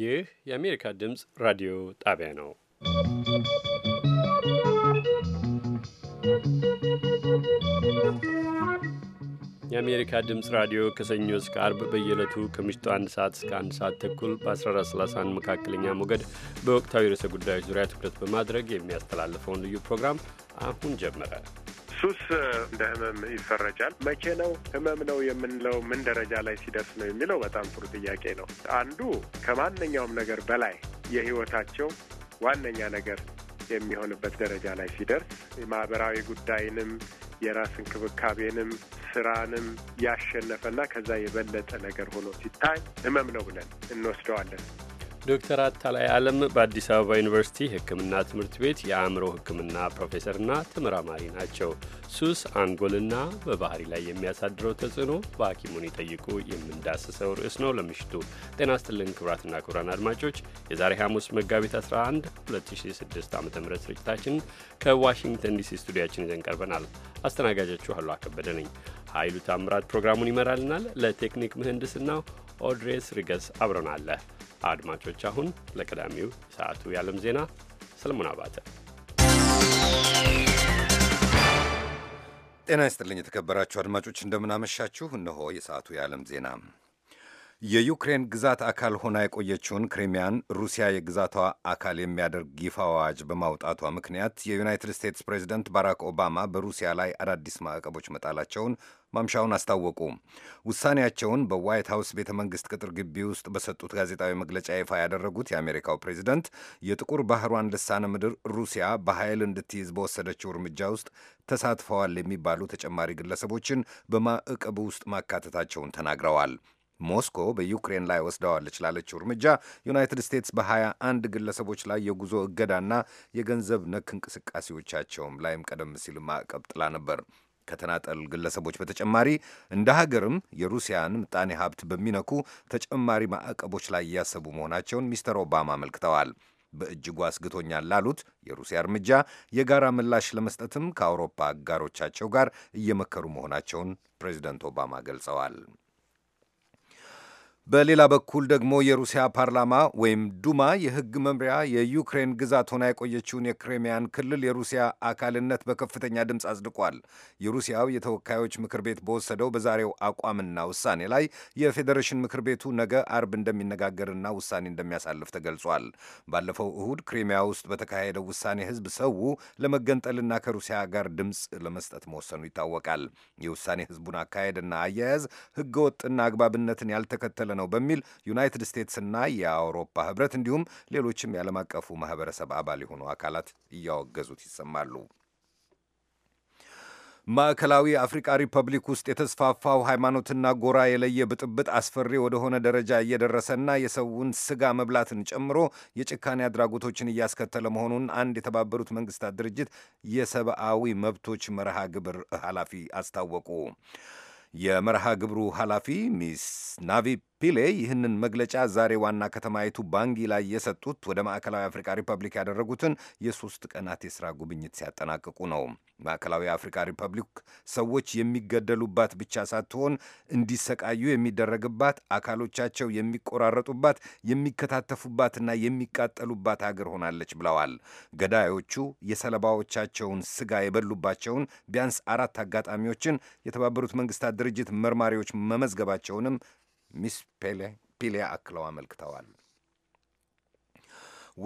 ይህ የአሜሪካ ድምፅ ራዲዮ ጣቢያ ነው። የአሜሪካ ድምፅ ራዲዮ ከሰኞ እስከ አርብ በየዕለቱ ከምሽቱ አንድ ሰዓት እስከ አንድ ሰዓት ተኩል በ1431 መካከለኛ ሞገድ በወቅታዊ ርዕሰ ጉዳዮች ዙሪያ ትኩረት በማድረግ የሚያስተላልፈውን ልዩ ፕሮግራም አሁን ጀመረ። ሱስ እንደ ህመም ይፈረጃል። መቼ ነው ህመም ነው የምንለው? ምን ደረጃ ላይ ሲደርስ ነው የሚለው በጣም ጥሩ ጥያቄ ነው። አንዱ ከማንኛውም ነገር በላይ የህይወታቸው ዋነኛ ነገር የሚሆንበት ደረጃ ላይ ሲደርስ ማህበራዊ ጉዳይንም የራስ እንክብካቤንም ስራንም ያሸነፈና ከዛ የበለጠ ነገር ሆኖ ሲታይ ህመም ነው ብለን እንወስደዋለን። ዶክተር አታላይ አለም በአዲስ አበባ ዩኒቨርሲቲ ሕክምና ትምህርት ቤት የአእምሮ ሕክምና ፕሮፌሰርና ተመራማሪ ናቸው። ሱስ አንጎልና በባህሪ ላይ የሚያሳድረው ተጽዕኖ በሐኪሙን ይጠይቁ የምንዳስሰው ርዕስ ነው። ለምሽቱ ጤና ስትልን ክቡራትና ክቡራን አድማጮች የዛሬ ሐሙስ መጋቢት 11 2006 ዓ ም ስርጭታችን ከዋሽንግተን ዲሲ ስቱዲያችን ይዘን ቀርበናል። አስተናጋጃችሁ አሉ አከበደ ነኝ። ኃይሉ ታምራት ፕሮግራሙን ይመራልናል። ለቴክኒክ ምህንድስና ኦድሬስ ሪገስ አብረናለህ አድማጮች አሁን ለቀዳሚው ሰዓቱ የዓለም ዜና ሰለሞን አባተ። ጤና ይስጥልኝ የተከበራችሁ አድማጮች እንደምናመሻችሁ። እነሆ የሰዓቱ የዓለም ዜና። የዩክሬን ግዛት አካል ሆና የቆየችውን ክሪሚያን ሩሲያ የግዛቷ አካል የሚያደርግ ይፋ አዋጅ በማውጣቷ ምክንያት የዩናይትድ ስቴትስ ፕሬዚደንት ባራክ ኦባማ በሩሲያ ላይ አዳዲስ ማዕቀቦች መጣላቸውን ማምሻውን አስታወቁ። ውሳኔያቸውን በዋይት ሀውስ ቤተ መንግሥት ቅጥር ግቢ ውስጥ በሰጡት ጋዜጣዊ መግለጫ ይፋ ያደረጉት የአሜሪካው ፕሬዚደንት የጥቁር ባህሯን ልሳነ ምድር ሩሲያ በኃይል እንድትይዝ በወሰደችው እርምጃ ውስጥ ተሳትፈዋል የሚባሉ ተጨማሪ ግለሰቦችን በማዕቀብ ውስጥ ማካተታቸውን ተናግረዋል። ሞስኮ በዩክሬን ላይ ወስደዋለች ላለችው እርምጃ ዩናይትድ ስቴትስ በሀያ አንድ ግለሰቦች ላይ የጉዞ እገዳና የገንዘብ ነክ እንቅስቃሴዎቻቸውም ላይም ቀደም ሲል ማዕቀብ ጥላ ነበር። ከተናጠል ግለሰቦች በተጨማሪ እንደ ሀገርም የሩሲያን ምጣኔ ሀብት በሚነኩ ተጨማሪ ማዕቀቦች ላይ እያሰቡ መሆናቸውን ሚስተር ኦባማ አመልክተዋል። በእጅጉ አስግቶኛል ላሉት የሩሲያ እርምጃ የጋራ ምላሽ ለመስጠትም ከአውሮፓ አጋሮቻቸው ጋር እየመከሩ መሆናቸውን ፕሬዚደንት ኦባማ ገልጸዋል። በሌላ በኩል ደግሞ የሩሲያ ፓርላማ ወይም ዱማ የሕግ መምሪያ የዩክሬን ግዛት ሆና የቆየችውን የክሬሚያን ክልል የሩሲያ አካልነት በከፍተኛ ድምፅ አጽድቋል። የሩሲያው የተወካዮች ምክር ቤት በወሰደው በዛሬው አቋምና ውሳኔ ላይ የፌዴሬሽን ምክር ቤቱ ነገ አርብ እንደሚነጋገርና ውሳኔ እንደሚያሳልፍ ተገልጿል። ባለፈው እሁድ ክሬሚያ ውስጥ በተካሄደው ውሳኔ ሕዝብ ሰው ለመገንጠልና ከሩሲያ ጋር ድምፅ ለመስጠት መወሰኑ ይታወቃል። የውሳኔ ሕዝቡን አካሄድና አያያዝ ሕገወጥና አግባብነትን ያልተከተለ ነው በሚል ዩናይትድ ስቴትስና የአውሮፓ ህብረት እንዲሁም ሌሎችም የዓለም አቀፉ ማህበረሰብ አባል የሆኑ አካላት እያወገዙት ይሰማሉ። ማዕከላዊ አፍሪካ ሪፐብሊክ ውስጥ የተስፋፋው ሃይማኖትና ጎራ የለየ ብጥብጥ አስፈሪ ወደሆነ ደረጃ እየደረሰና የሰውን ስጋ መብላትን ጨምሮ የጭካኔ አድራጎቶችን እያስከተለ መሆኑን አንድ የተባበሩት መንግስታት ድርጅት የሰብአዊ መብቶች መርሃ ግብር ኃላፊ አስታወቁ። የመርሃ ግብሩ ኃላፊ ሚስ ናቪ ፒሌ ይህንን መግለጫ ዛሬ ዋና ከተማይቱ ባንጊ ላይ የሰጡት ወደ ማዕከላዊ አፍሪካ ሪፐብሊክ ያደረጉትን የሶስት ቀናት የሥራ ጉብኝት ሲያጠናቅቁ ነው። ማዕከላዊ አፍሪካ ሪፐብሊክ ሰዎች የሚገደሉባት ብቻ ሳትሆን እንዲሰቃዩ የሚደረግባት፣ አካሎቻቸው የሚቆራረጡባት፣ የሚከታተፉባትና የሚቃጠሉባት ሀገር ሆናለች ብለዋል። ገዳዮቹ የሰለባዎቻቸውን ስጋ የበሉባቸውን ቢያንስ አራት አጋጣሚዎችን የተባበሩት መንግስታት ድርጅት መርማሪዎች መመዝገባቸውንም ሚስ ፔሌ ፒሌ አክለው አመልክተዋል።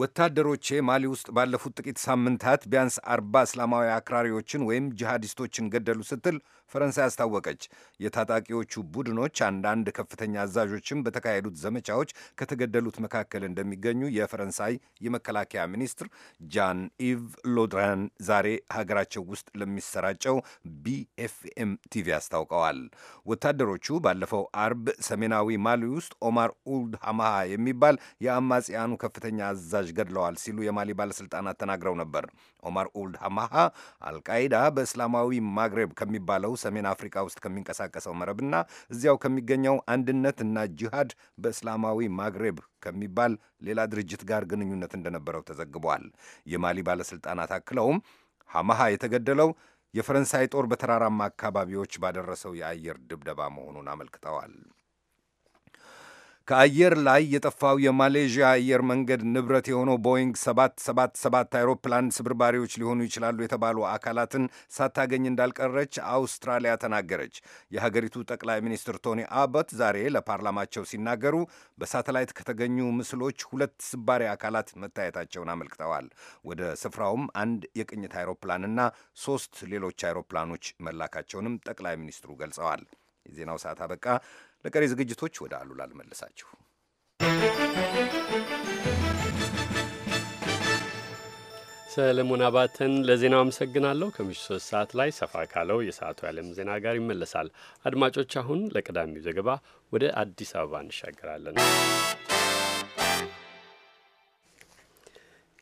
ወታደሮቼ ማሊ ውስጥ ባለፉት ጥቂት ሳምንታት ቢያንስ አርባ እስላማዊ አክራሪዎችን ወይም ጂሃዲስቶችን ገደሉ ስትል ፈረንሳይ አስታወቀች። የታጣቂዎቹ ቡድኖች አንዳንድ ከፍተኛ አዛዦችም በተካሄዱት ዘመቻዎች ከተገደሉት መካከል እንደሚገኙ የፈረንሳይ የመከላከያ ሚኒስትር ጃን ኢቭ ሎድራን ዛሬ ሀገራቸው ውስጥ ለሚሰራጨው ቢኤፍኤም ቲቪ አስታውቀዋል። ወታደሮቹ ባለፈው አርብ ሰሜናዊ ማሊ ውስጥ ኦማር ኡልድ ሐማሃ የሚባል የአማጽያኑ ከፍተኛ አዛዥ ገድለዋል ሲሉ የማሊ ባለሥልጣናት ተናግረው ነበር። ኦማር ኡልድ ሐማሃ አልቃይዳ በእስላማዊ ማግሬብ ከሚባለው ሰሜን አፍሪካ ውስጥ ከሚንቀሳቀሰው መረብና እዚያው ከሚገኘው አንድነት እና ጂሃድ በእስላማዊ ማግሬብ ከሚባል ሌላ ድርጅት ጋር ግንኙነት እንደነበረው ተዘግቧል። የማሊ ባለሥልጣናት አክለውም ሐማሃ የተገደለው የፈረንሳይ ጦር በተራራማ አካባቢዎች ባደረሰው የአየር ድብደባ መሆኑን አመልክተዋል። ከአየር ላይ የጠፋው የማሌዥያ አየር መንገድ ንብረት የሆነው ቦይንግ 777 አይሮፕላን ስብርባሪዎች ሊሆኑ ይችላሉ የተባሉ አካላትን ሳታገኝ እንዳልቀረች አውስትራሊያ ተናገረች። የሀገሪቱ ጠቅላይ ሚኒስትር ቶኒ አበት ዛሬ ለፓርላማቸው ሲናገሩ በሳተላይት ከተገኙ ምስሎች ሁለት ስባሪ አካላት መታየታቸውን አመልክተዋል። ወደ ስፍራውም አንድ የቅኝት አይሮፕላንና ሶስት ሌሎች አይሮፕላኖች መላካቸውንም ጠቅላይ ሚኒስትሩ ገልጸዋል። የዜናው ሰዓት አበቃ። ለቀሪ ዝግጅቶች ወደ አሉላ ልመልሳችሁ። ሰለሞን አባተን ለዜናው አመሰግናለሁ። ከምሽቱ ሶስት ሰዓት ላይ ሰፋ ካለው የሰዓቱ የዓለም ዜና ጋር ይመለሳል። አድማጮች፣ አሁን ለቀዳሚው ዘገባ ወደ አዲስ አበባ እንሻገራለን።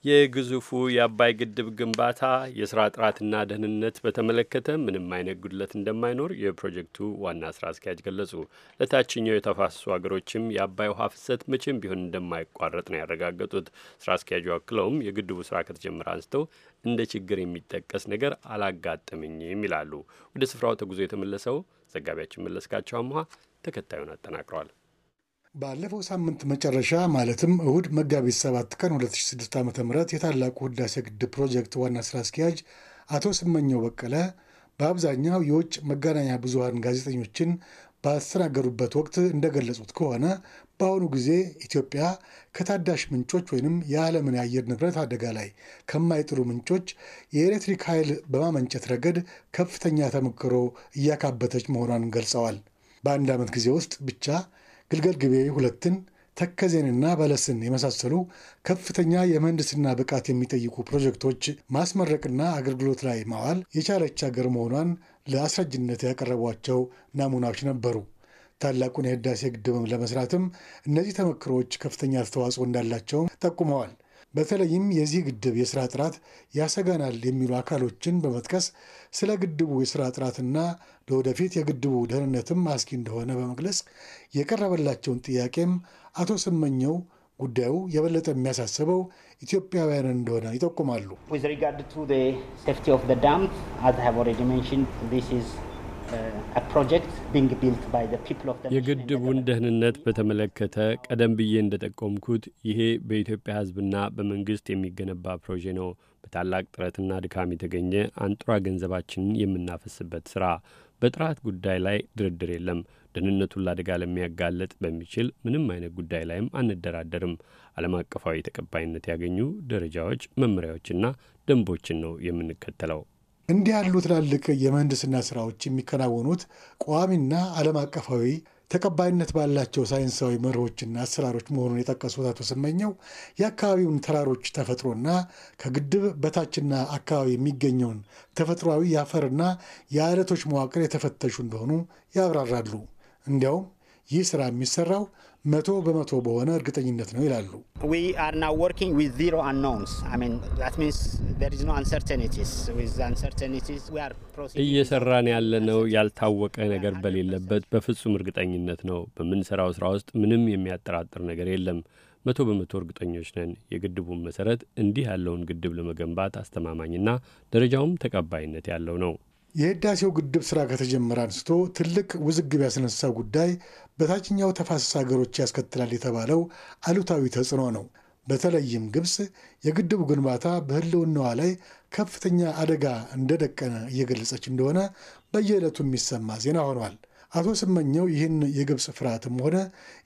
የግዙፉ የአባይ ግድብ ግንባታ የስራ ጥራትና ደህንነት በተመለከተ ምንም አይነት ጉድለት እንደማይኖር የፕሮጀክቱ ዋና ስራ አስኪያጅ ገለጹ። ለታችኛው የተፋሰሱ ሀገሮችም የአባይ ውሃ ፍሰት መቼም ቢሆን እንደማይቋረጥ ነው ያረጋገጡት። ስራ አስኪያጁ አክለውም የግድቡ ስራ ከተጀመረ አንስተው እንደ ችግር የሚጠቀስ ነገር አላጋጠመኝም ይላሉ። ወደ ስፍራው ተጉዞ የተመለሰው ዘጋቢያችን መለስካቸው አምሃ ተከታዩን አጠናቅረዋል። ባለፈው ሳምንት መጨረሻ ማለትም እሁድ መጋቢት 7 ቀን 2006 ዓ ም የታላቁ ህዳሴ ግድብ ፕሮጀክት ዋና ስራ አስኪያጅ አቶ ስመኘው በቀለ በአብዛኛው የውጭ መገናኛ ብዙሃን ጋዜጠኞችን ባስተናገዱበት ወቅት እንደገለጹት ከሆነ በአሁኑ ጊዜ ኢትዮጵያ ከታዳሽ ምንጮች ወይንም የዓለምን የአየር ንብረት አደጋ ላይ ከማይጥሉ ምንጮች የኤሌክትሪክ ኃይል በማመንጨት ረገድ ከፍተኛ ተሞክሮ እያካበተች መሆኗን ገልጸዋል። በአንድ ዓመት ጊዜ ውስጥ ብቻ ግልገል ግቤ ሁለትን ተከዜንና በለስን የመሳሰሉ ከፍተኛ የምህንድስና ብቃት የሚጠይቁ ፕሮጀክቶች ማስመረቅና አገልግሎት ላይ ማዋል የቻለች ሀገር መሆኗን ለአስረጅነት ያቀረቧቸው ናሙናዎች ነበሩ። ታላቁን የህዳሴ ግድብም ለመስራትም እነዚህ ተመክሮዎች ከፍተኛ አስተዋጽኦ እንዳላቸውም ጠቁመዋል። በተለይም የዚህ ግድብ የስራ ጥራት ያሰጋናል የሚሉ አካሎችን በመጥቀስ ስለ ግድቡ የስራ ጥራትና ለወደፊት የግድቡ ደህንነትም አስጊ እንደሆነ በመግለጽ የቀረበላቸውን ጥያቄም አቶ ስመኘው ጉዳዩ የበለጠ የሚያሳስበው ኢትዮጵያውያን እንደሆነ ይጠቁማሉ። uh, የግድቡን ደህንነት በተመለከተ ቀደም ብዬ እንደጠቆምኩት ይሄ በኢትዮጵያ ሕዝብና በመንግስት የሚገነባ ፕሮጄ ነው። በታላቅ ጥረትና ድካም የተገኘ አንጡራ ገንዘባችንን የምናፈስበት ስራ በጥራት ጉዳይ ላይ ድርድር የለም። ደህንነቱን ለአደጋ ለሚያጋለጥ በሚችል ምንም አይነት ጉዳይ ላይም አንደራደርም። ዓለም አቀፋዊ ተቀባይነት ያገኙ ደረጃዎች፣ መመሪያዎችና ደንቦችን ነው የምንከተለው። እንዲህ ያሉ ትላልቅ የምህንድስና ስራዎች የሚከናወኑት ቋሚና ዓለም አቀፋዊ ተቀባይነት ባላቸው ሳይንሳዊ መርሆችና አሰራሮች መሆኑን የጠቀሱት አቶ ስመኘው የአካባቢውን ተራሮች ተፈጥሮና ከግድብ በታችና አካባቢ የሚገኘውን ተፈጥሯዊ የአፈርና የአለቶች መዋቅር የተፈተሹ እንደሆኑ ያብራራሉ። እንዲያውም ይህ ስራ የሚሰራው መቶ በመቶ በሆነ እርግጠኝነት ነው ይላሉ። እየሰራን ያለነው ያልታወቀ ነገር በሌለበት በፍጹም እርግጠኝነት ነው። በምንሰራው ስራ ውስጥ ምንም የሚያጠራጥር ነገር የለም። መቶ በመቶ እርግጠኞች ነን። የግድቡን መሰረት እንዲህ ያለውን ግድብ ለመገንባት አስተማማኝና ደረጃውም ተቀባይነት ያለው ነው። የህዳሴው ግድብ ስራ ከተጀመረ አንስቶ ትልቅ ውዝግብ ያስነሳው ጉዳይ በታችኛው ተፋሰስ ሀገሮች ያስከትላል የተባለው አሉታዊ ተጽዕኖ ነው። በተለይም ግብፅ የግድቡ ግንባታ በህልውናዋ ላይ ከፍተኛ አደጋ እንደደቀነ እየገለጸች እንደሆነ በየዕለቱ የሚሰማ ዜና ሆኗል። አቶ ስመኘው ይህን የግብፅ ፍርሃትም ሆነ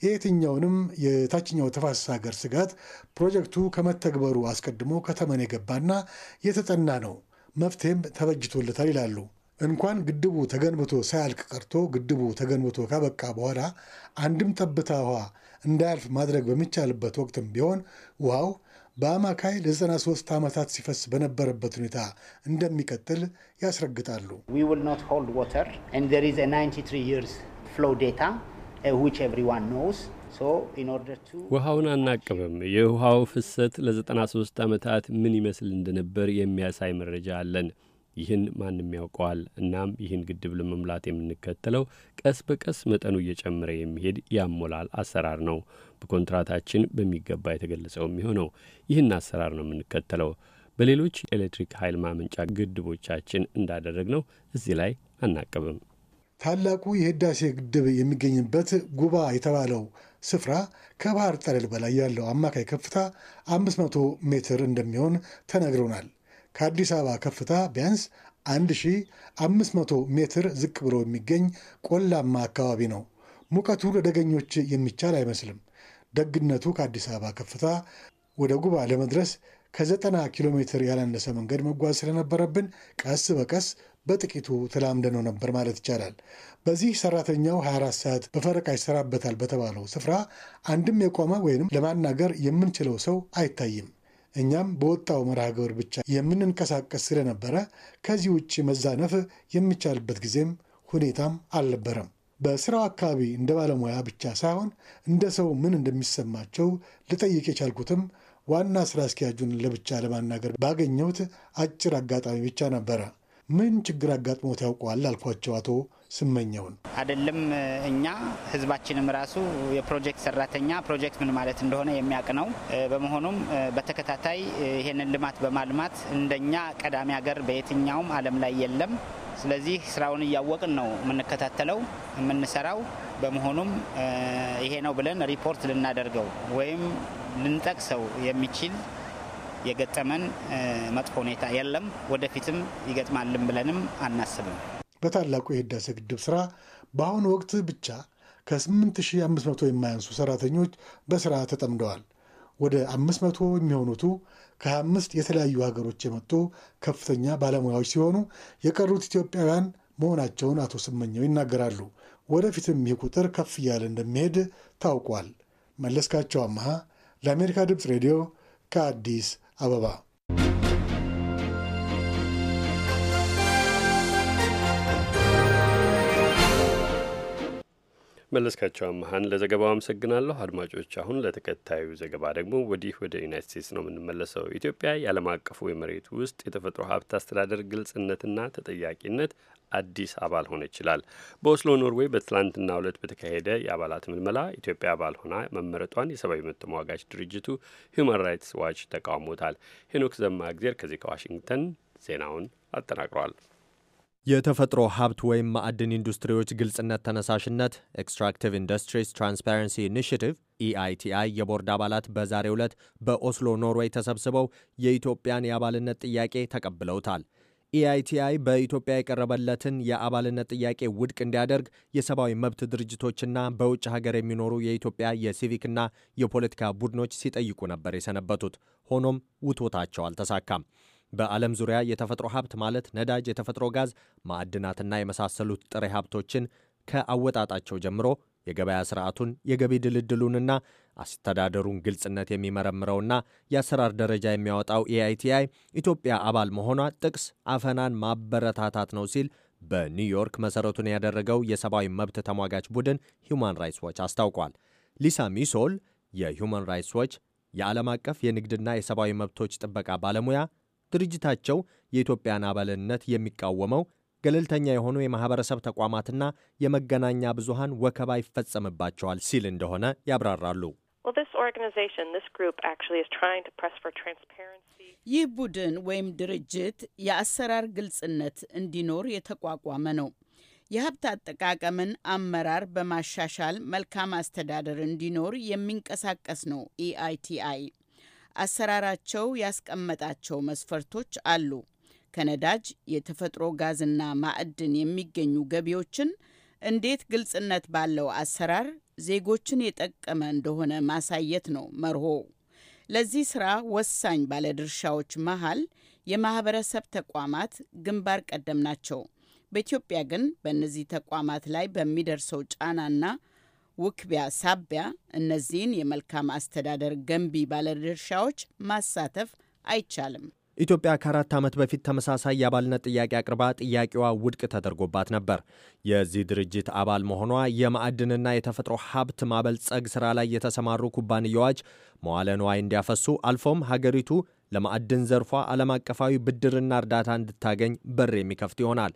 የየትኛውንም የታችኛው ተፋሰስ ሀገር ስጋት ፕሮጀክቱ ከመተግበሩ አስቀድሞ ከተመን የገባና የተጠና ነው፣ መፍትሄም ተበጅቶለታል ይላሉ። እንኳን ግድቡ ተገንብቶ ሳያልቅ ቀርቶ ግድቡ ተገንብቶ ካበቃ በኋላ አንድም ጠብታ ውሃ እንዳያልፍ ማድረግ በሚቻልበት ወቅትም ቢሆን ውሃው በአማካይ ለ93 ዓመታት ሲፈስ በነበረበት ሁኔታ እንደሚቀጥል ያስረግጣሉ። uh, ውሃውን አናቅብም። የውሃው ፍሰት ለ93 ዓመታት ምን ይመስል እንደነበር የሚያሳይ መረጃ አለን። ይህን ማንም ያውቀዋል። እናም ይህን ግድብ ለመሙላት የምንከተለው ቀስ በቀስ መጠኑ እየጨመረ የሚሄድ ያሞላል አሰራር ነው። በኮንትራታችን በሚገባ የተገለጸው የሚሆነው ይህን አሰራር ነው የምንከተለው። በሌሎች ኤሌክትሪክ ኃይል ማመንጫ ግድቦቻችን እንዳደረግ ነው እዚህ ላይ አናቅብም። ታላቁ የህዳሴ ግድብ የሚገኝበት ጉባ የተባለው ስፍራ ከባህር ጠለል በላይ ያለው አማካይ ከፍታ 500 ሜትር እንደሚሆን ተነግሮናል። ከአዲስ አበባ ከፍታ ቢያንስ 1500 ሜትር ዝቅ ብሎ የሚገኝ ቆላማ አካባቢ ነው። ሙቀቱ ለደገኞች የሚቻል አይመስልም። ደግነቱ ከአዲስ አበባ ከፍታ ወደ ጉባ ለመድረስ ከ90 ኪሎ ሜትር ያላነሰ መንገድ መጓዝ ስለነበረብን ቀስ በቀስ በጥቂቱ ተላምደነው ነበር ማለት ይቻላል። በዚህ ሰራተኛው 24 ሰዓት በፈረቃ ይሰራበታል በተባለው ስፍራ አንድም የቆመ ወይንም ለማናገር የምንችለው ሰው አይታይም። እኛም በወጣው መርሃ ግብር ብቻ የምንንቀሳቀስ ስለነበረ ከዚህ ውጭ መዛነፍ የሚቻልበት ጊዜም ሁኔታም አልነበረም። በስራው አካባቢ እንደ ባለሙያ ብቻ ሳይሆን እንደ ሰው ምን እንደሚሰማቸው ልጠይቅ የቻልኩትም ዋና ስራ አስኪያጁን ለብቻ ለማናገር ባገኘሁት አጭር አጋጣሚ ብቻ ነበረ። ምን ችግር አጋጥሞት ያውቀዋል? አልኳቸው አቶ ስመኛውን። አይደለም እኛ ህዝባችንም ራሱ የፕሮጀክት ሰራተኛ ፕሮጀክት ምን ማለት እንደሆነ የሚያውቅ ነው። በመሆኑም በተከታታይ ይህንን ልማት በማልማት እንደኛ ቀዳሚ ሀገር በየትኛውም ዓለም ላይ የለም። ስለዚህ ስራውን እያወቅን ነው የምንከታተለው የምንሰራው። በመሆኑም ይሄ ነው ብለን ሪፖርት ልናደርገው ወይም ልንጠቅሰው የሚችል የገጠመን መጥፎ ሁኔታ የለም። ወደፊትም ይገጥማልን ብለንም አናስብም። በታላቁ የህዳሴ ግድብ ስራ በአሁኑ ወቅት ብቻ ከ8500 የማያንሱ ሰራተኞች በስራ ተጠምደዋል። ወደ 500 የሚሆኑቱ ከ25 የተለያዩ ሀገሮች የመጡ ከፍተኛ ባለሙያዎች ሲሆኑ የቀሩት ኢትዮጵያውያን መሆናቸውን አቶ ስመኘው ይናገራሉ። ወደፊትም ይህ ቁጥር ከፍ እያለ እንደሚሄድ ታውቋል። መለስካቸው አመሃ ለአሜሪካ ድምፅ ሬዲዮ ከአዲስ Ababá. መለስካቸው አመሀን ለዘገባው አመሰግናለሁ። አድማጮች፣ አሁን ለተከታዩ ዘገባ ደግሞ ወዲህ ወደ ዩናይት ስቴትስ ነው የምንመለሰው። ኢትዮጵያ የዓለም አቀፉ የመሬት ውስጥ የተፈጥሮ ሀብት አስተዳደር ግልጽነትና ተጠያቂነት አዲስ አባል ሆነ ይችላል። በኦስሎ ኖርዌይ በትላንትና ዕለት በተካሄደ የአባላት ምልመላ ኢትዮጵያ አባል ሆና መመረጧን የሰብአዊ መብት ተሟጋች ድርጅቱ ሂዩማን ራይትስ ዋች ተቃውሞታል። ሄኖክ ዘማእግዜር ከዚህ ከዋሽንግተን ዜናውን አጠናቅሯል። የተፈጥሮ ሀብት ወይም ማዕድን ኢንዱስትሪዎች ግልጽነት ተነሳሽነት ኤክስትራክቲቭ ኢንዱስትሪስ ትራንስፓረንሲ ኢኒሽቲቭ ኢአይቲአይ የቦርድ አባላት በዛሬ ዕለት በኦስሎ ኖርዌይ ተሰብስበው የኢትዮጵያን የአባልነት ጥያቄ ተቀብለውታል። ኢአይቲአይ e በኢትዮጵያ የቀረበለትን የአባልነት ጥያቄ ውድቅ እንዲያደርግ የሰብአዊ መብት ድርጅቶችና በውጭ ሀገር የሚኖሩ የኢትዮጵያ የሲቪክና የፖለቲካ ቡድኖች ሲጠይቁ ነበር የሰነበቱት። ሆኖም ውትወታቸው አልተሳካም። በዓለም ዙሪያ የተፈጥሮ ሀብት ማለት ነዳጅ፣ የተፈጥሮ ጋዝ፣ ማዕድናትና የመሳሰሉት ጥሬ ሀብቶችን ከአወጣጣቸው ጀምሮ የገበያ ስርዓቱን የገቢ ድልድሉንና አስተዳደሩን ግልጽነት የሚመረምረውና የአሰራር ደረጃ የሚያወጣው ኤአይቲአይ ኢትዮጵያ አባል መሆኗ ጥቅስ አፈናን ማበረታታት ነው ሲል በኒውዮርክ መሠረቱን ያደረገው የሰብአዊ መብት ተሟጋች ቡድን ሂውማን ራይትስ ዎች አስታውቋል። ሊሳ ሚሶል የሁማን ራይትስ ዎች የዓለም አቀፍ የንግድና የሰብአዊ መብቶች ጥበቃ ባለሙያ ድርጅታቸው የኢትዮጵያን አባልነት የሚቃወመው ገለልተኛ የሆኑ የማኅበረሰብ ተቋማትና የመገናኛ ብዙሃን ወከባ ይፈጸምባቸዋል ሲል እንደሆነ ያብራራሉ። ይህ ቡድን ወይም ድርጅት የአሰራር ግልጽነት እንዲኖር የተቋቋመ ነው። የሀብት አጠቃቀምን አመራር በማሻሻል መልካም አስተዳደር እንዲኖር የሚንቀሳቀስ ነው ኢአይቲአይ። አሰራራቸው ያስቀመጣቸው መስፈርቶች አሉ። ከነዳጅ የተፈጥሮ ጋዝና ማዕድን የሚገኙ ገቢዎችን እንዴት ግልጽነት ባለው አሰራር ዜጎችን የጠቀመ እንደሆነ ማሳየት ነው መርሆ። ለዚህ ስራ ወሳኝ ባለድርሻዎች መሃል የማህበረሰብ ተቋማት ግንባር ቀደም ናቸው። በኢትዮጵያ ግን በእነዚህ ተቋማት ላይ በሚደርሰው ጫናና ውክቢያ ሳቢያ እነዚህን የመልካም አስተዳደር ገንቢ ባለድርሻዎች ማሳተፍ አይቻልም። ኢትዮጵያ ከአራት ዓመት በፊት ተመሳሳይ የአባልነት ጥያቄ አቅርባ ጥያቄዋ ውድቅ ተደርጎባት ነበር። የዚህ ድርጅት አባል መሆኗ የማዕድንና የተፈጥሮ ሀብት ማበልጸግ ሥራ ላይ የተሰማሩ ኩባንያዎች መዋለ ንዋይ እንዲያፈሱ አልፎም ሀገሪቱ ለማዕድን ዘርፏ ዓለም አቀፋዊ ብድርና እርዳታ እንድታገኝ በር የሚከፍት ይሆናል።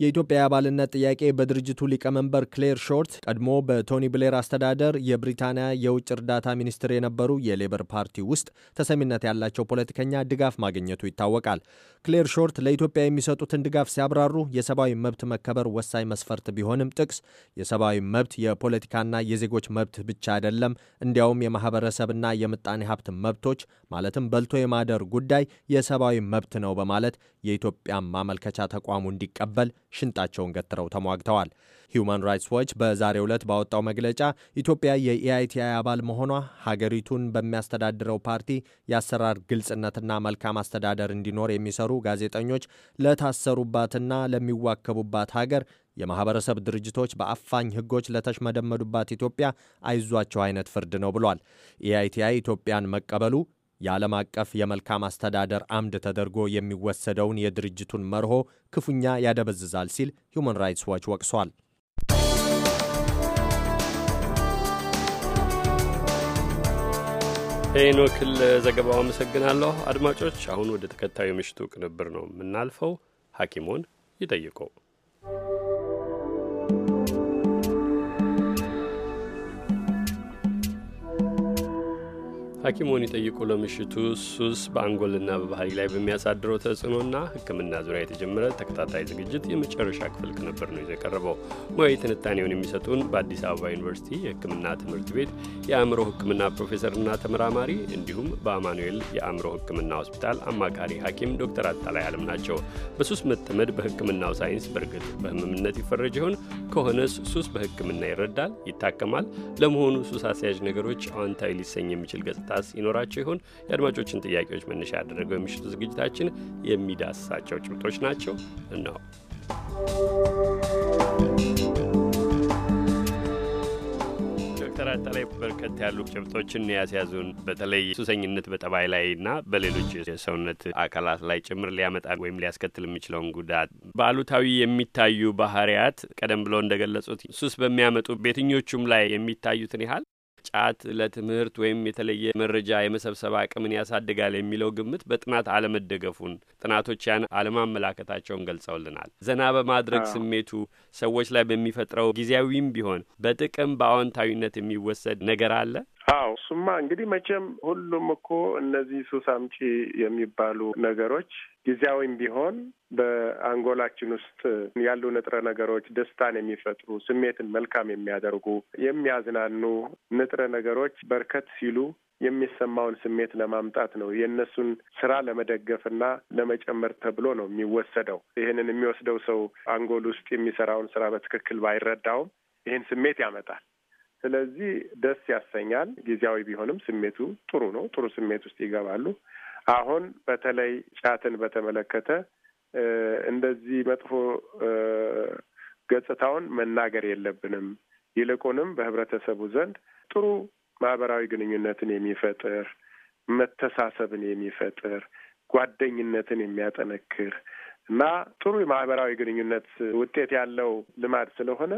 የኢትዮጵያ የአባልነት ጥያቄ በድርጅቱ ሊቀመንበር ክሌር ሾርት ቀድሞ በቶኒ ብሌር አስተዳደር የብሪታንያ የውጭ እርዳታ ሚኒስትር የነበሩ የሌበር ፓርቲ ውስጥ ተሰሚነት ያላቸው ፖለቲከኛ ድጋፍ ማግኘቱ ይታወቃል። ክሌር ሾርት ለኢትዮጵያ የሚሰጡትን ድጋፍ ሲያብራሩ የሰብአዊ መብት መከበር ወሳኝ መስፈርት ቢሆንም ጥቅስ የሰብአዊ መብት የፖለቲካና የዜጎች መብት ብቻ አይደለም፣ እንዲያውም የማህበረሰብና የምጣኔ ሀብት መብቶች ማለትም በልቶ የማደር ጉዳይ የሰብአዊ መብት ነው በማለት የኢትዮጵያ ማመልከቻ ተቋሙ እንዲቀበል ሽንጣቸውን ገትረው ተሟግተዋል። ሂዩማን ራይትስ ዎች በዛሬው ዕለት ባወጣው መግለጫ ኢትዮጵያ የኢአይቲአይ አባል መሆኗ ሀገሪቱን በሚያስተዳድረው ፓርቲ የአሰራር ግልጽነትና መልካም አስተዳደር እንዲኖር የሚሰሩ ጋዜጠኞች ለታሰሩባትና ለሚዋከቡባት ሀገር የማህበረሰብ ድርጅቶች በአፋኝ ህጎች ለተሽመደመዱባት ኢትዮጵያ አይዟቸው አይነት ፍርድ ነው ብሏል። ኢአይቲአይ ኢትዮጵያን መቀበሉ የዓለም አቀፍ የመልካም አስተዳደር አምድ ተደርጎ የሚወሰደውን የድርጅቱን መርሆ ክፉኛ ያደበዝዛል ሲል ሁማን ራይትስ ዋች ወቅሷል። ሄኖክን ለዘገባው አመሰግናለሁ። አድማጮች፣ አሁን ወደ ተከታዩ ምሽቱ ቅንብር ነው የምናልፈው። ሐኪሞን ይጠይቀው ሐኪሙን ይጠይቁ ለምሽቱ ሱስ በአንጎልና በባህሪ ላይ በሚያሳድረው ተጽዕኖና ሕክምና ዙሪያ የተጀመረ ተከታታይ ዝግጅት የመጨረሻ ክፍል ቅንብር ነው ይዞ የቀረበው። ሙያዊ ትንታኔውን የሚሰጡን በአዲስ አበባ ዩኒቨርሲቲ የሕክምና ትምህርት ቤት የአእምሮ ሕክምና ፕሮፌሰርና ተመራማሪ እንዲሁም በአማኑኤል የአእምሮ ሕክምና ሆስፒታል አማካሪ ሐኪም ዶክተር አጣላይ አለም ናቸው። በሱስ መጠመድ በሕክምናው ሳይንስ በእርግጥ በህመምነት ይፈረጅ ይሆን? ከሆነስ ሱስ በሕክምና ይረዳል? ይታከማል? ለመሆኑ ሱስ አስያዥ ነገሮች አዎንታዊ ሊሰኝ የሚችል ገጽታ ትዝታስ ይኖራቸው ይሆን? የአድማጮችን ጥያቄዎች መነሻ ያደረገው የምሽቱ ዝግጅታችን የሚዳስሳቸው ጭብጦች ናቸው ነው። ዶክተር አታላይ በርከት ያሉ ጭብጦችን ያስያዙን በተለይ ሱሰኝነት በጠባይ ላይ በሌሎች የሰውነት አካላት ላይ ጭምር ሊያመጣ ወይም ሊያስከትል የሚችለውን ጉዳት በአሉታዊ የሚታዩ ባህሪያት ቀደም ብሎ እንደገለጹት ሱስ በሚያመጡ በየትኞቹም ላይ የሚታዩትን ያህል ጫት ለትምህርት ወይም የተለየ መረጃ የመሰብሰብ አቅምን ያሳድጋል የሚለው ግምት በጥናት አለመደገፉን ጥናቶች ያን አለማመላከታቸውን ገልጸውልናል። ዘና በማድረግ ስሜቱ ሰዎች ላይ በሚፈጥረው ጊዜያዊም ቢሆን በጥቅም በአዎንታዊነት የሚወሰድ ነገር አለ። አዎ እሱማ እንግዲህ መቼም ሁሉም እኮ እነዚህ ሱስ አምጪ የሚባሉ ነገሮች ጊዜያዊም ቢሆን በአንጎላችን ውስጥ ያሉ ንጥረ ነገሮች ደስታን የሚፈጥሩ ስሜትን መልካም የሚያደርጉ የሚያዝናኑ ንጥረ ነገሮች በርከት ሲሉ የሚሰማውን ስሜት ለማምጣት ነው። የእነሱን ስራ ለመደገፍና ለመጨመር ተብሎ ነው የሚወሰደው። ይህንን የሚወስደው ሰው አንጎል ውስጥ የሚሰራውን ስራ በትክክል ባይረዳውም ይህን ስሜት ያመጣል። ስለዚህ ደስ ያሰኛል። ጊዜያዊ ቢሆንም ስሜቱ ጥሩ ነው። ጥሩ ስሜት ውስጥ ይገባሉ። አሁን በተለይ ጫትን በተመለከተ እንደዚህ መጥፎ ገጽታውን መናገር የለብንም። ይልቁንም በህብረተሰቡ ዘንድ ጥሩ ማህበራዊ ግንኙነትን የሚፈጥር መተሳሰብን የሚፈጥር ጓደኝነትን የሚያጠነክር እና ጥሩ የማህበራዊ ግንኙነት ውጤት ያለው ልማድ ስለሆነ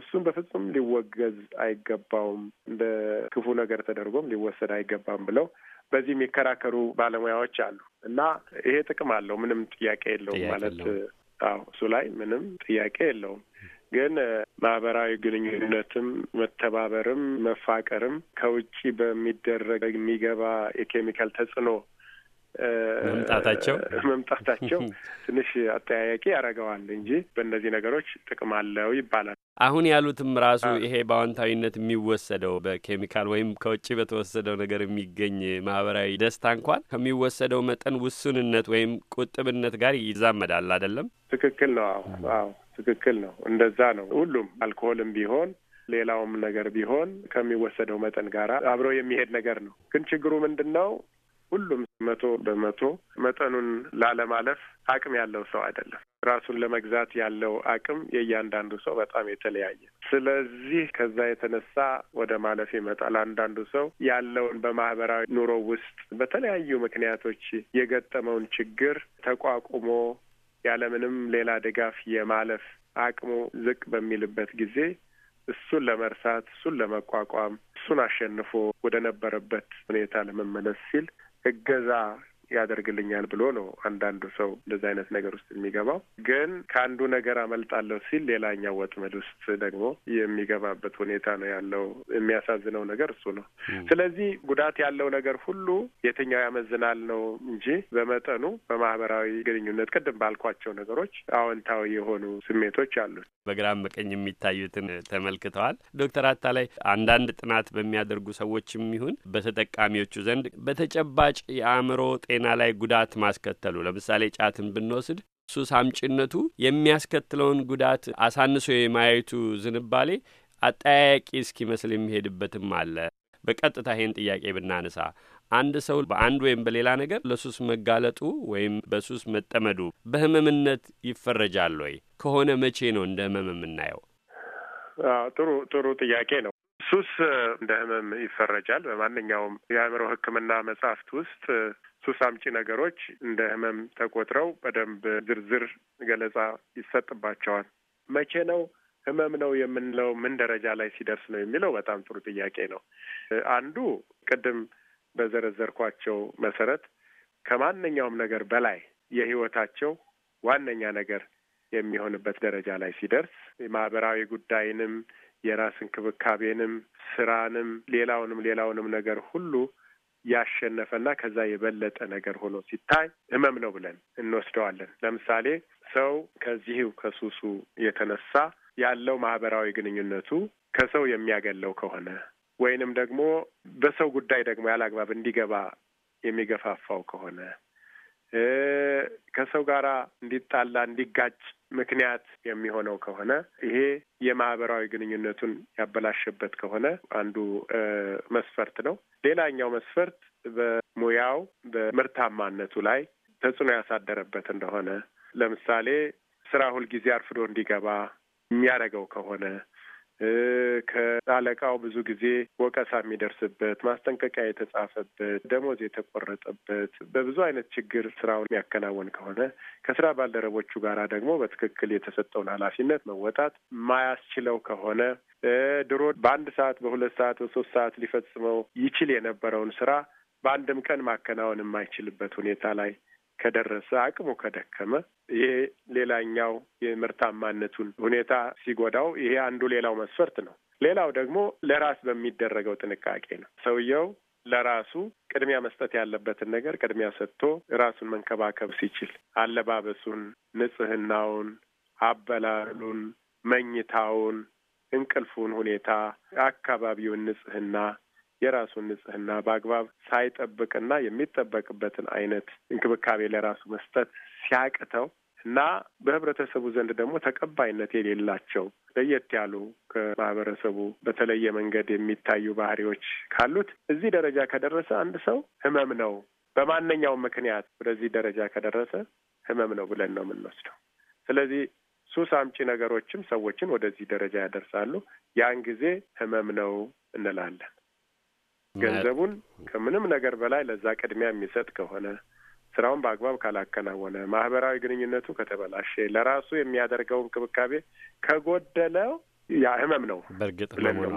እሱም በፍጹም ሊወገዝ አይገባውም፣ እንደ ክፉ ነገር ተደርጎም ሊወሰድ አይገባም ብለው በዚህ የሚከራከሩ ባለሙያዎች አሉ እና ይሄ ጥቅም አለው፣ ምንም ጥያቄ የለውም ማለት አዎ፣ እሱ ላይ ምንም ጥያቄ የለውም። ግን ማህበራዊ ግንኙነትም መተባበርም መፋቀርም ከውጭ በሚደረግ የሚገባ የኬሚካል ተጽዕኖ መምጣታቸው መምጣታቸው ትንሽ አጠያያቂ ያደርገዋል እንጂ በእነዚህ ነገሮች ጥቅም አለው ይባላል። አሁን ያሉትም ራሱ ይሄ በአዎንታዊነት የሚወሰደው በኬሚካል ወይም ከውጭ በተወሰደው ነገር የሚገኝ ማህበራዊ ደስታ እንኳን ከሚወሰደው መጠን ውሱንነት ወይም ቁጥብነት ጋር ይዛመዳል። አይደለም? ትክክል ነው። አዎ፣ አዎ፣ ትክክል ነው። እንደዛ ነው። ሁሉም አልኮሆልም ቢሆን ሌላውም ነገር ቢሆን ከሚወሰደው መጠን ጋር አብረው የሚሄድ ነገር ነው። ግን ችግሩ ምንድን ነው? ሁሉም መቶ በመቶ መጠኑን ላለማለፍ አቅም ያለው ሰው አይደለም። ራሱን ለመግዛት ያለው አቅም የእያንዳንዱ ሰው በጣም የተለያየ። ስለዚህ ከዛ የተነሳ ወደ ማለፍ ይመጣል። አንዳንዱ ሰው ያለውን በማህበራዊ ኑሮ ውስጥ በተለያዩ ምክንያቶች የገጠመውን ችግር ተቋቁሞ ያለምንም ሌላ ድጋፍ የማለፍ አቅሙ ዝቅ በሚልበት ጊዜ እሱን ለመርሳት፣ እሱን ለመቋቋም፣ እሱን አሸንፎ ወደ ነበረበት ሁኔታ ለመመለስ ሲል እገዛ ያደርግልኛል ብሎ ነው አንዳንዱ ሰው እንደዚህ አይነት ነገር ውስጥ የሚገባው። ግን ከአንዱ ነገር አመልጣለሁ ሲል ሌላኛው ወጥመድ ውስጥ ደግሞ የሚገባበት ሁኔታ ነው ያለው። የሚያሳዝነው ነገር እሱ ነው። ስለዚህ ጉዳት ያለው ነገር ሁሉ የትኛው ያመዝናል ነው እንጂ በመጠኑ በማህበራዊ ግንኙነት ቅድም ባልኳቸው ነገሮች አዎንታዊ የሆኑ ስሜቶች አሉት። በግራም በቀኝ የሚታዩትን ተመልክተዋል። ዶክተር ላይ አንዳንድ ጥናት በሚያደርጉ ሰዎችም ይሁን በተጠቃሚዎቹ ዘንድ በተጨባጭ የአእምሮ ጤ በጤና ላይ ጉዳት ማስከተሉ ለምሳሌ ጫትን ብንወስድ ሱስ አምጭነቱ የሚያስከትለውን ጉዳት አሳንሶ የማየቱ ዝንባሌ አጠያያቂ እስኪመስል የሚሄድበትም አለ። በቀጥታ ይህን ጥያቄ ብናነሳ አንድ ሰው በአንድ ወይም በሌላ ነገር ለሱስ መጋለጡ ወይም በሱስ መጠመዱ በህመምነት ይፈረጃል ወይ? ከሆነ መቼ ነው እንደ ህመም የምናየው? ጥሩ ጥሩ ጥያቄ ነው። ሱስ እንደ ህመም ይፈረጃል። በማንኛውም የአእምሮ ሕክምና መጽሐፍት ውስጥ ሱስ አምጪ ነገሮች እንደ ህመም ተቆጥረው በደንብ ዝርዝር ገለጻ ይሰጥባቸዋል። መቼ ነው ህመም ነው የምንለው? ምን ደረጃ ላይ ሲደርስ ነው የሚለው በጣም ጥሩ ጥያቄ ነው። አንዱ ቅድም በዘረዘርኳቸው መሰረት ከማንኛውም ነገር በላይ የህይወታቸው ዋነኛ ነገር የሚሆንበት ደረጃ ላይ ሲደርስ የማህበራዊ ጉዳይንም የራስ እንክብካቤንም፣ ስራንም፣ ሌላውንም ሌላውንም ነገር ሁሉ ያሸነፈና ከዛ የበለጠ ነገር ሆኖ ሲታይ ህመም ነው ብለን እንወስደዋለን። ለምሳሌ ሰው ከዚህ ከሱሱ የተነሳ ያለው ማህበራዊ ግንኙነቱ ከሰው የሚያገለው ከሆነ ወይንም ደግሞ በሰው ጉዳይ ደግሞ ያለ አግባብ እንዲገባ የሚገፋፋው ከሆነ ከሰው ጋር እንዲጣላ እንዲጋጭ ምክንያት የሚሆነው ከሆነ ይሄ የማህበራዊ ግንኙነቱን ያበላሸበት ከሆነ አንዱ መስፈርት ነው። ሌላኛው መስፈርት በሙያው በምርታማነቱ ላይ ተጽዕኖ ያሳደረበት እንደሆነ ለምሳሌ ስራ ሁልጊዜ አርፍዶ እንዲገባ የሚያደርገው ከሆነ ከአለቃው ብዙ ጊዜ ወቀሳ የሚደርስበት፣ ማስጠንቀቂያ የተጻፈበት፣ ደሞዝ የተቆረጠበት በብዙ አይነት ችግር ስራውን የሚያከናውን ከሆነ ከስራ ባልደረቦቹ ጋር ደግሞ በትክክል የተሰጠውን ኃላፊነት መወጣት ማያስችለው ከሆነ ድሮ በአንድ ሰዓት፣ በሁለት ሰዓት፣ በሶስት ሰዓት ሊፈጽመው ይችል የነበረውን ስራ በአንድም ቀን ማከናወን የማይችልበት ሁኔታ ላይ ከደረሰ አቅሙ ከደከመ ይሄ ሌላኛው የምርታማነቱን ሁኔታ ሲጎዳው፣ ይሄ አንዱ ሌላው መስፈርት ነው። ሌላው ደግሞ ለራስ በሚደረገው ጥንቃቄ ነው። ሰውየው ለራሱ ቅድሚያ መስጠት ያለበትን ነገር ቅድሚያ ሰጥቶ ራሱን መንከባከብ ሲችል አለባበሱን፣ ንጽህናውን፣ አበላሉን፣ መኝታውን፣ እንቅልፉን ሁኔታ፣ አካባቢውን ንጽህና የራሱን ንጽህና በአግባብ ሳይጠብቅና የሚጠበቅበትን አይነት እንክብካቤ ለራሱ መስጠት ሲያቅተው እና በህብረተሰቡ ዘንድ ደግሞ ተቀባይነት የሌላቸው ለየት ያሉ ከማህበረሰቡ በተለየ መንገድ የሚታዩ ባህሪዎች ካሉት እዚህ ደረጃ ከደረሰ አንድ ሰው ህመም ነው። በማንኛውም ምክንያት ወደዚህ ደረጃ ከደረሰ ህመም ነው ብለን ነው የምንወስደው። ስለዚህ ሱስ አምጪ ነገሮችም ሰዎችን ወደዚህ ደረጃ ያደርሳሉ። ያን ጊዜ ህመም ነው እንላለን። ገንዘቡን ከምንም ነገር በላይ ለዛ ቅድሚያ የሚሰጥ ከሆነ ስራውን በአግባብ ካላከናወነ፣ ማህበራዊ ግንኙነቱ ከተበላሸ፣ ለራሱ የሚያደርገው እንክብካቤ ከጎደለው ያ ህመም ነው በእርግጥ ነው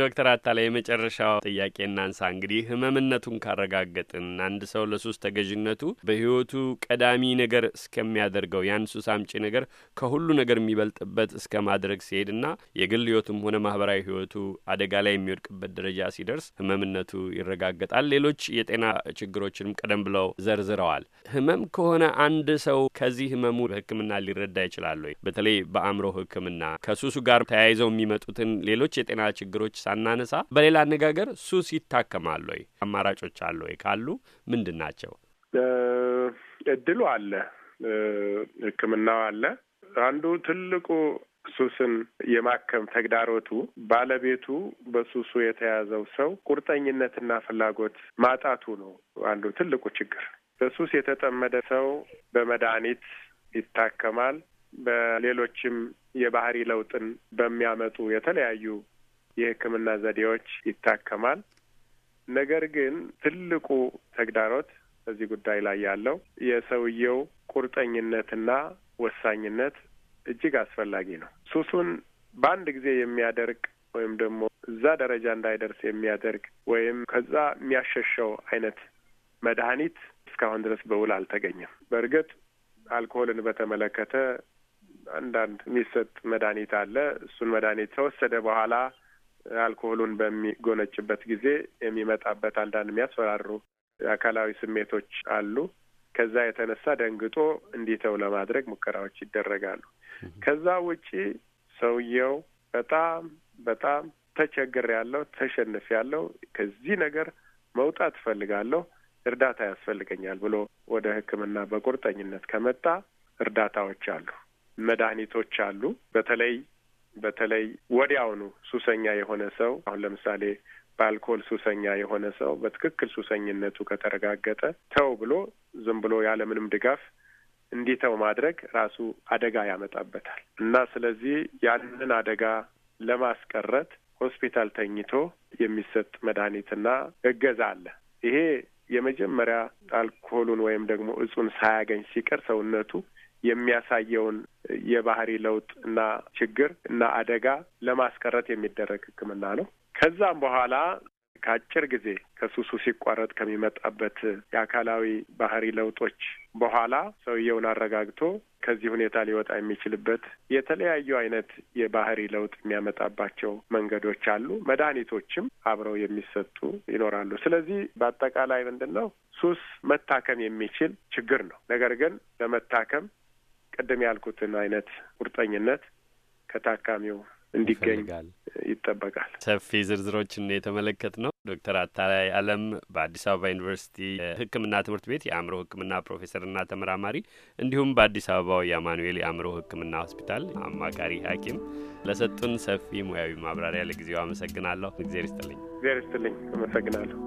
ዶክተር አታላይ የመጨረሻው ጥያቄ እናንሳ እንግዲህ ህመምነቱን ካረጋገጥን አንድ ሰው ለሱስ ተገዥነቱ በህይወቱ ቀዳሚ ነገር እስከሚያደርገው ያን ሱስ አምጪ ነገር ከሁሉ ነገር የሚበልጥበት እስከ ማድረግ ሲሄድና የግል ህይወቱም ሆነ ማህበራዊ ህይወቱ አደጋ ላይ የሚወድቅበት ደረጃ ሲደርስ ህመምነቱ ይረጋገጣል። ሌሎች የጤና ችግሮችንም ቀደም ብለው ዘርዝረዋል። ህመም ከሆነ አንድ ሰው ከዚህ ህመሙ በህክምና ሊረዳ ይችላል ወይ? በተለይ በአእምሮ ህክምና ከሱሱ ጋር ጋር ተያይዘው የሚመጡትን ሌሎች የጤና ችግሮች ሳናነሳ በሌላ አነጋገር ሱስ ይታከማል ወይ? አማራጮች አሉ ወይ? ካሉ ምንድን ናቸው? እድሉ አለ፣ ህክምናው አለ። አንዱ ትልቁ ሱስን የማከም ተግዳሮቱ ባለቤቱ በሱሱ የተያዘው ሰው ቁርጠኝነትና ፍላጎት ማጣቱ ነው። አንዱ ትልቁ ችግር በሱስ የተጠመደ ሰው በመድኃኒት ይታከማል። በሌሎችም የባህሪ ለውጥን በሚያመጡ የተለያዩ የሕክምና ዘዴዎች ይታከማል። ነገር ግን ትልቁ ተግዳሮት በዚህ ጉዳይ ላይ ያለው የሰውየው ቁርጠኝነትና ወሳኝነት እጅግ አስፈላጊ ነው። ሱሱን በአንድ ጊዜ የሚያደርግ ወይም ደግሞ እዛ ደረጃ እንዳይደርስ የሚያደርግ ወይም ከዛ የሚያሸሸው አይነት መድኃኒት እስካሁን ድረስ በውል አልተገኘም። በእርግጥ አልኮልን በተመለከተ አንዳንድ የሚሰጥ መድኃኒት አለ። እሱን መድኃኒት ተወሰደ በኋላ አልኮሆሉን በሚጎነጭበት ጊዜ የሚመጣበት አንዳንድ የሚያስፈራሩ አካላዊ ስሜቶች አሉ። ከዛ የተነሳ ደንግጦ እንዲተው ለማድረግ ሙከራዎች ይደረጋሉ። ከዛ ውጪ ሰውየው በጣም በጣም ተቸግር ያለው ተሸንፍ ያለው ከዚህ ነገር መውጣት እፈልጋለሁ እርዳታ ያስፈልገኛል ብሎ ወደ ሕክምና በቁርጠኝነት ከመጣ እርዳታዎች አሉ። መድኃኒቶች አሉ። በተለይ በተለይ ወዲያውኑ ሱሰኛ የሆነ ሰው አሁን ለምሳሌ በአልኮል ሱሰኛ የሆነ ሰው በትክክል ሱሰኝነቱ ከተረጋገጠ ተው ብሎ ዝም ብሎ ያለምንም ድጋፍ እንዲተው ማድረግ ራሱ አደጋ ያመጣበታል እና ስለዚህ ያንን አደጋ ለማስቀረት ሆስፒታል ተኝቶ የሚሰጥ መድኃኒትና እገዛ አለ። ይሄ የመጀመሪያ አልኮሉን ወይም ደግሞ እጹን ሳያገኝ ሲቀር ሰውነቱ የሚያሳየውን የባህሪ ለውጥ እና ችግር እና አደጋ ለማስቀረት የሚደረግ ሕክምና ነው። ከዛም በኋላ ከአጭር ጊዜ ከሱሱ ሲቋረጥ ከሚመጣበት የአካላዊ ባህሪ ለውጦች በኋላ ሰውየውን አረጋግቶ ከዚህ ሁኔታ ሊወጣ የሚችልበት የተለያዩ አይነት የባህሪ ለውጥ የሚያመጣባቸው መንገዶች አሉ። መድኃኒቶችም አብረው የሚሰጡ ይኖራሉ። ስለዚህ በአጠቃላይ ምንድን ነው ሱስ መታከም የሚችል ችግር ነው። ነገር ግን ለመታከም ቅድም ያልኩትን አይነት ቁርጠኝነት ከታካሚው እንዲገኝ ይጠበቃል። ሰፊ ዝርዝሮችን የተመለከት ነው። ዶክተር አታላይ አለም በአዲስ አበባ ዩኒቨርሲቲ ሕክምና ትምህርት ቤት የአእምሮ ሕክምና ፕሮፌሰርና ተመራማሪ እንዲሁም በአዲስ አበባው የአማኑኤል የአእምሮ ሕክምና ሆስፒታል አማካሪ ሐኪም ለሰጡን ሰፊ ሙያዊ ማብራሪያ ለጊዜው አመሰግናለሁ። እግዜር ይስጥልኝ። እግዜር ይስጥልኝ። አመሰግናለሁ።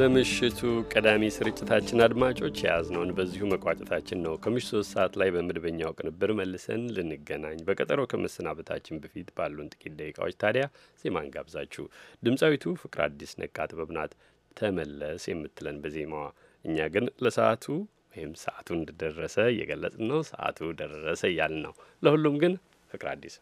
ለምሽቱ ቀዳሚ ስርጭታችን አድማጮች የያዝነውን በዚሁ መቋጨታችን ነው። ከምሽቱ ሶስት ሰዓት ላይ በመደበኛው ቅንብር መልሰን ልንገናኝ። በቀጠሮ ከመሰናበታችን በፊት ባሉን ጥቂት ደቂቃዎች ታዲያ ዜማን ጋብዛችሁ ድምፃዊቱ ፍቅር አዲስ ነቃ ጥበብ ናት ተመለስ የምትለን በዜማዋ እኛ ግን ለሰዓቱ ወይም ሰዓቱ እንደደረሰ እየገለጽን ነው። ሰዓቱ ደረሰ እያልን ነው። ለሁሉም ግን ፍቅር አዲስ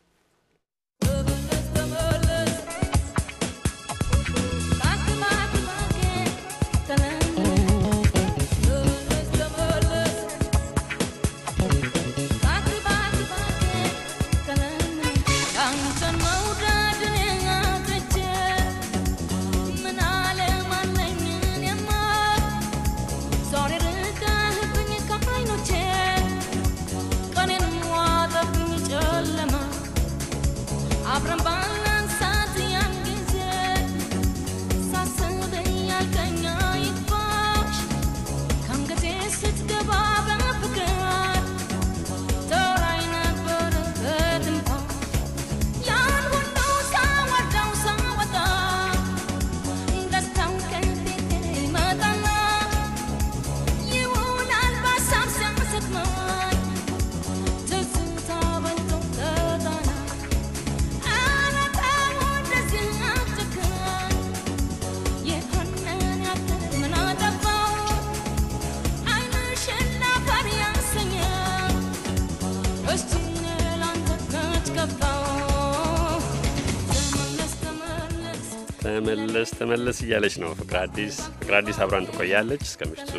ተመለስ ተመለስ እያለች ነው ፍቅር አዲስ። ፍቅር አዲስ አብራን ትቆያለች እስከ ምሽቱ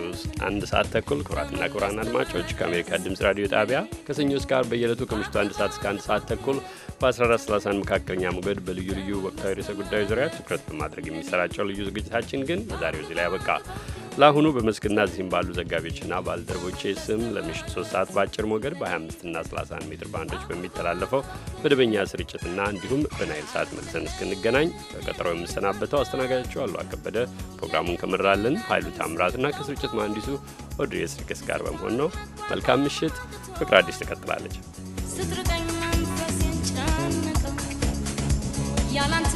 አንድ ሰዓት ተኩል። ክቡራትና ክቡራን አድማጮች ከአሜሪካ ድምፅ ራዲዮ ጣቢያ ከሰኞ እስከ ዓርብ በየዕለቱ ከምሽቱ አንድ ሰዓት እስከ አንድ ሰዓት ተኩል በ 1431 መካከለኛ ሞገድ በልዩ ልዩ ወቅታዊ ርዕሰ ጉዳዮች ዙሪያ ትኩረት በማድረግ የሚሰራጨው ልዩ ዝግጅታችን ግን በዛሬው እዚህ ላይ ያበቃ። ለአሁኑ በመስክና ዚህም ባሉ ዘጋቢዎችና ባልደረቦቼ ስም ለምሽት ሶስት ሰዓት በአጭር ሞገድ በ25ና 31 ሜትር ባንዶች በሚተላለፈው መደበኛ ስርጭትና እንዲሁም በናይል ሰዓት መልሰን እስክንገናኝ በቀጠሮ የምሰናበተው አስተናጋጃቸው አሉ አከበደ ፕሮግራሙን ከምራለን ኃይሉ ታምራትና ከስርጭት መሐንዲሱ ኦድሬስ ርቅስ ጋር በመሆን ነው። መልካም ምሽት። ፍቅር አዲስ ትቀጥላለች። ስትርቀኝ መንፈሴን ጨነቀው ያላንተ